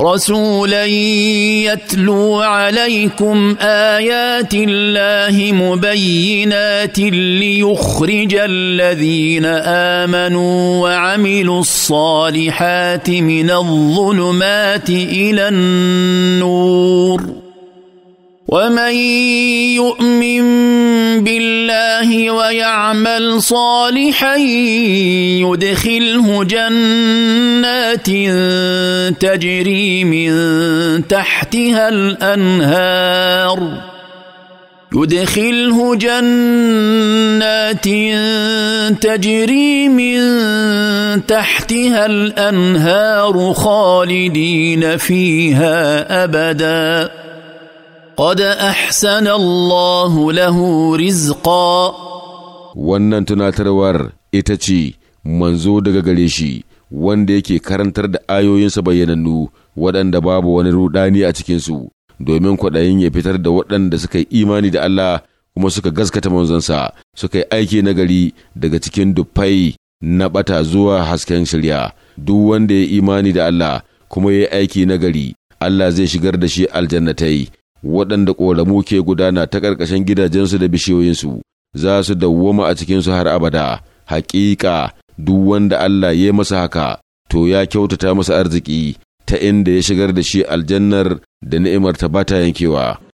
رسولا يتلو عليكم ايات الله مبينات ليخرج الذين امنوا وعملوا الصالحات من الظلمات الى النور ومن يؤمن بالله ويعمل صالحا يدخله جنات تجري من تحتها الانهار يدخله جنات تجري من تحتها الانهار خالدين فيها ابدا قد أحسن الله له رزقا wannan tunatarwar ita ce manzo daga gare shi wanda yake karantar da ayoyinsa bayyanannu waɗanda babu wani rudani a cikinsu domin kwaɗayin ya fitar da waɗanda suka yi imani da Allah kuma suka gaskata manzonsa suka yi aiki na gari daga cikin dufai na ɓata zuwa hasken shirya duk wanda ya imani da Allah kuma ya yi aiki na gari, Allah zai shigar da shi aljannatai waɗanda ƙoramu ke gudana ta ƙarƙashin gidajensu da bishiyoyinsu za su dawwama a cikinsu har abada haƙiƙa duk wanda Allah ya masa haka to ya kyautata masa arziki ta inda ya shigar da shi aljannar da ni'imar ta bata yankewa